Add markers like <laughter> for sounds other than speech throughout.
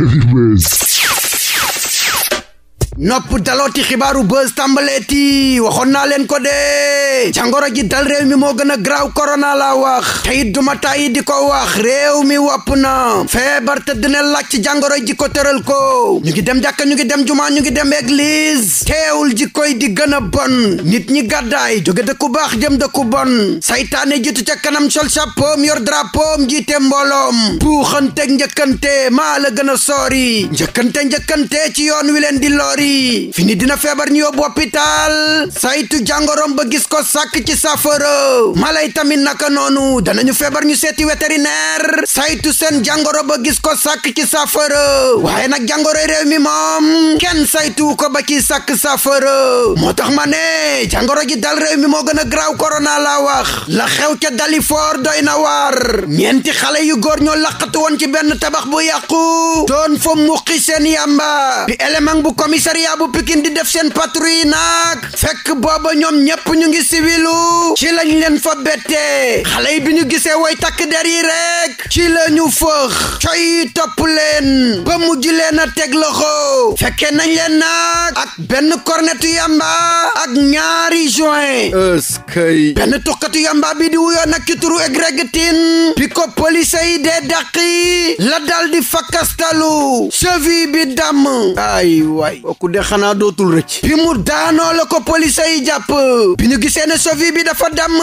Anyways. nopp dalooti xibaaru buzz tàmbaleeti waxoon naa leen ko de jàngoro ji dal réew mi moo gën a graaw korona la wax tey duma tàyyi di ko wax réew mi wopp na feebar te dina laaj ci jàngoro ji ko tëral ko ñu ngi dem jàkka ñu ngi dem jumaa ñu ngi dem église teewul ji koy di gën a bon nit ñi gàddaay jóge dëkku baax jëm dëkku bon saytaane jiitu ca kanam sol chapeau yor ji te mbooloom puuxante njëkkante maa la gën a soori njëkkante njëkkante ci yoon wi leen di loori bari fini dina feebar ñu yóbbu hôpital saytu jàngoroom ba gis ko sàkk ci saafara mala yi tamit naka noonu danañu feebar ñu seeti vétérinaire saytu seen jàngoro ba gis ko sàkk ci saafara waaye nag jàngoro réew mi moom kenn saytu ko ba ci sàkk saafara moo tax ma ne jàngoro ji dal réew mi moo gën a graaw corona laa wax la xew ca Dalifort doy na waar ñeenti xale yu góor ñoo laqatu woon ci benn tabax bu yàqu doon fa muqi seen yàmba bi élément bu commissaire commissariat bu Pikine di def seen yi nag fekk booba ñoom ñépp ñu ngi siwilu ci lañ leen fa bettee xale yi bi ñu gisee way takk der yi rek ci la ñu fëx coy topp leen ba mujj leen a teg loxo fekkee nañ leen nag ak benn kornetu yamba ak ñaari joint eskay benn tukkatu yamba bi di wuyoo nag ci turu egregetin bi ko police yi dee dàqi la dal di fakkastalu cheville bi damm ku de xanaa dootul rëcc bi mu daanoo ko police yi jàpp bi ñu gisee ne sofi bi dafa damm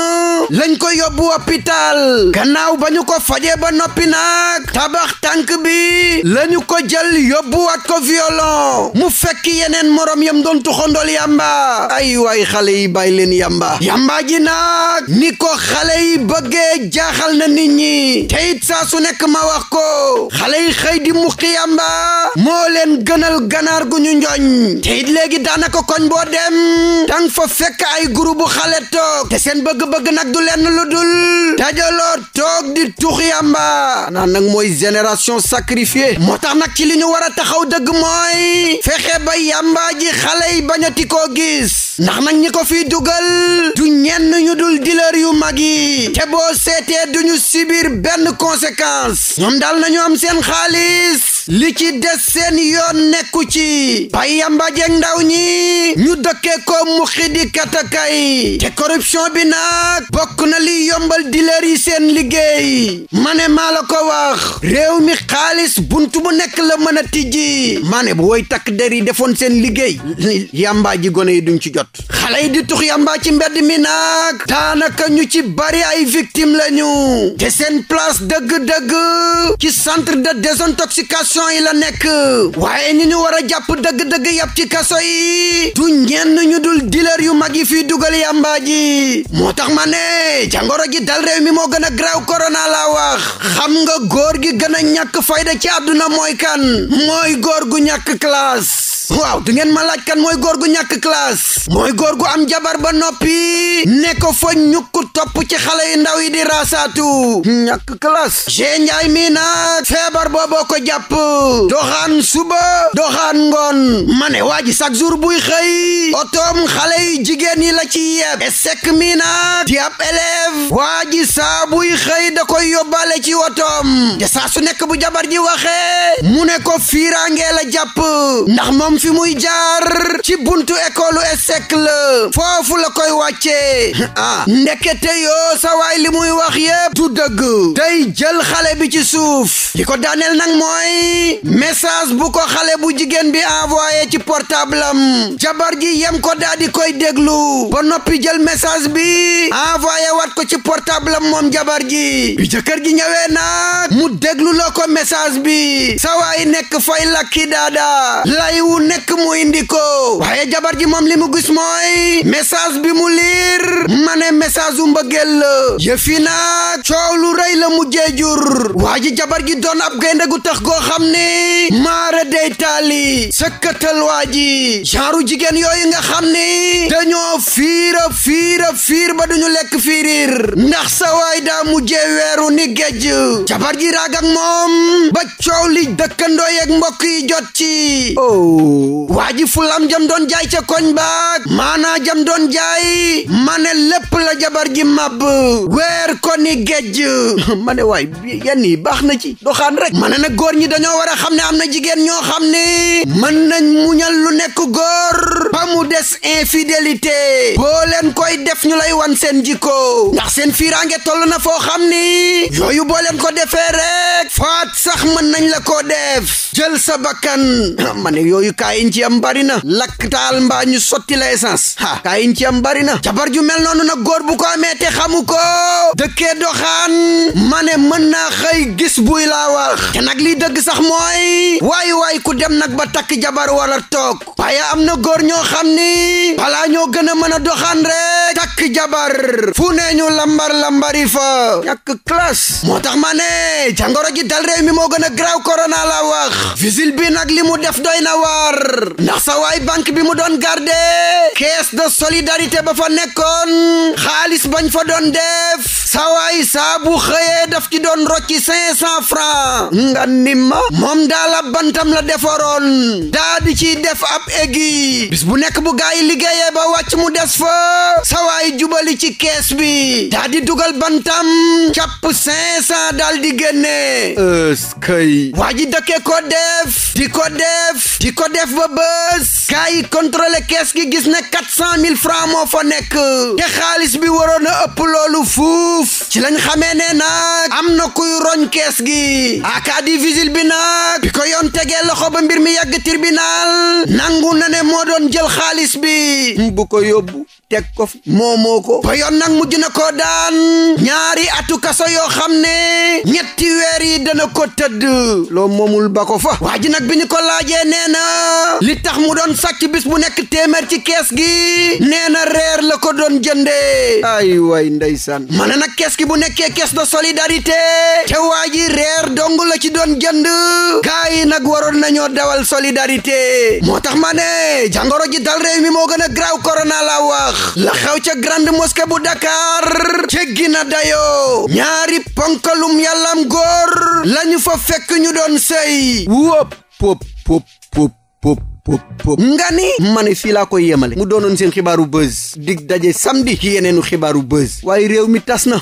lañ ko yóbbu hôpital gannaaw ba ñu ko faje ba noppi nag tabax tànk bi ñu ko jël yóbbuwaat ko violon mu fekk yeneen morom yam doon tuxondool yamba ay way xale yi bàyyi leen yamba yamba ji nag ni ko xale yi bëggee jaaxal na nit ñi te it su nekk ma wax ko xale yi xëy di muqi yamba moo leen gënal ganaar gu ñu njoñ te it léegi daanaka koñ boo dem dang fa fekk ay groupe xale toog te seen bëgg-bëgg nag du lenn lu dul dajaloo toog di tux yamba naan nag mooy génération sacrifiée moo tax nag ci li ñu war a taxaw dëgg mooy fexe ba yamba ji xale yi bañati koo gis ndax nag ñi ko fii dugal du ñenn ñu dul dealer yu mag yi te boo seetee duñu subir benn conséquence ñoom daal nañu am seen xaalis li ci des seen yoon nekku ci payamba jeng ndaw ñi ñu dëkkee ko mu xidi katakay te corruption bi nag bokk na li yombal dileer yi seen liggéey ma ne maa la ko wax réew mi xaalis bunt bu nekk la mën a tijji ma ne bu woy takk der yi defoon seen liggéey yamba ji gone yi duñ ci jot xale di tux yamba ci mbedd mi nag daanaka ñu ci bari ay victime lañu te seen place dëgg-dëgg ci centre de désintoxication yi la nekk waaye ni ñu war a jàpp dëgg-dëgg yàpp ci kaso yi du ñenn ñu dul dealer yu mag yi fii dugal yamba i moo tax ma ne jàngoro ji dal réew mi moo gën a graw corona la wax xam nga góor gi gën a ñàkk fayda ci àdduna mooy kan mooy góor gu ñàkk classe waaw du ngeen ma laaj kan mooy góor gu ñàkk classe mooy góor gu am jabar ba noppi ne ko fo ñukk topp ci xale yi ndaw yi di raasaatu ñàkk classe gé njaay mi feebar booboo ko jàpp doxaan suba doxaan ngoon ma ne waa ji chaque jour buy xëy otoom xale yi jigéen yi la ci yeb esek mi nag di ab élève waa xëy da koy yóbbaale ci otoom te saa nekk bu jabar ji waxee mu ne ko fiiraangee jàpp ndax moom fi muy jaar ci buntu école ESSEC la foofu la koy wàcce <laughs> ah ndekete yoo sa li muy wax yépp du dëgg tey jël xale bi ci suuf li ko daaneel nag mooy message bu ko xale bu jigéen bi envoyé ci portable am jabar ji yem ko daal koy déglu ba noppi jël message bi envoyé wat ko ci portable am moom jabar ji bi jëkkër ji ñëwee nag mu déglu la ko message bi sa waay nekk fay lakki daada lay wu nekk mu indi ko waaye jabar moom li mu gis mooy message bi mu liir ma ne message u mbëggeel la yëf yi nag coow lu rëy la mu jeejur waa ji jabar gi doon ab gaynde gu tax goo xam ni maara day taali sëkkatal waa ji genre jigéen yooyu nga xam ni dañoo fiira fiira fiir ba duñu lekk fiirir ndax sa waay daa mujjee weeru ni géej jabar ji moom ba coow li dëkkandoo mbokk yi jot ci oh. waa ji fulam jam doon jaay ca koñ baag maanaa jam doon jaay ma lépp la jabar ji màbb weer ko ni géej <laughs> ma ne waay yenn yi baax na ci doxaan rek ma ne nag góor ñi dañoo war a xam ne am na jigéen ñoo xam ne mën nañ muñal lu nekk góor ba des infidélité boo leen koy def ñu lay wan seen jikko ndax seen fiiraange toll na foo xam ni yooyu boo leen ko defee rek faat sax mën nañ la ko def jël sa bakkan <clears throat> ma ne yooyu kaayin ci am bari na lakk taal mbaa ñu sotti la essence ha kaayin ci am bari na jabar ju mel noonu nag góor bu ko amee te xamu ko dëkkee doxaan ma mën na xëy gis buy laa wax te nag lii dëgg sax moy waay waay ku dem nag ba takk jabar walla toog waaye am na góor ñoo xam ni balaa ñoo gën a mën a doxaan rek takk jabar fu ne ñu lambar lambari fa ñàkk classe moo tax ma ne jàngoro ji dal réew mi moo gën a graaw corona la wax visile bi nag li mu def doy na war ndax sa waay banque bi mu doon garde caisse de solidarité ba fa nekkoon xaalis bañ fa doon def sa waay saa bu xëyee daf ci doon rocci cinq cent francs nga nimma moom daala bantam la defaroon daa di ciy def ab égi bis bu nekk bu gaa yi liggéeyee ba wàcc mu des fa sa bi ci kees bi daa di dugal bantam càpp cinq cent daal di génne ëskay waa ji dëkke ko def di ko def di ko def ba bës gaa yi kees gi gis ne quatre cent mille francs moo fa nekk te xaalis bi waroon ëpp loolu fuuf ci lañ xamee ne nag am na kuy roñ kees gi aka di bi nag bi ko yoon loxo ba mbir mi yàgg tribunal nangu na ne moo doon jël xaalis bi hmm, bu ko yóbbu teg ko moo moo ko wa yoon nag mujj na ko daan ñaari atu kaso yoo xam ne ñetti weer yi dana ko tëdd loo moomul ba ko fa waa ji nag bi ñu ko laajee nee na li tax mu doon sàcc bis bu nekk téeméer ci kees gi nee na reer la ko doon jëndee ay way ndeysaan ma ne nag kees gi bu nekkee kees de solidarité te waa ji reer dong la ci doon jënd gaa yi nag waroon nañoo dawal solidarité moo tax ma ne jàngoro ji dal réew mi moo gën a graaw corona la wax la xew ca grande mos mosquée bu Dakar jéggi na dayoo ñaari ponkalum yàllam góor lañu fa fekk ñu doon sëy wóop pop nga ni ma ne fii laa koy yemale mu doonoon seen xibaaru buzz dig daje samedi ci yeneenu xibaaru buzz waaye réew mi tas na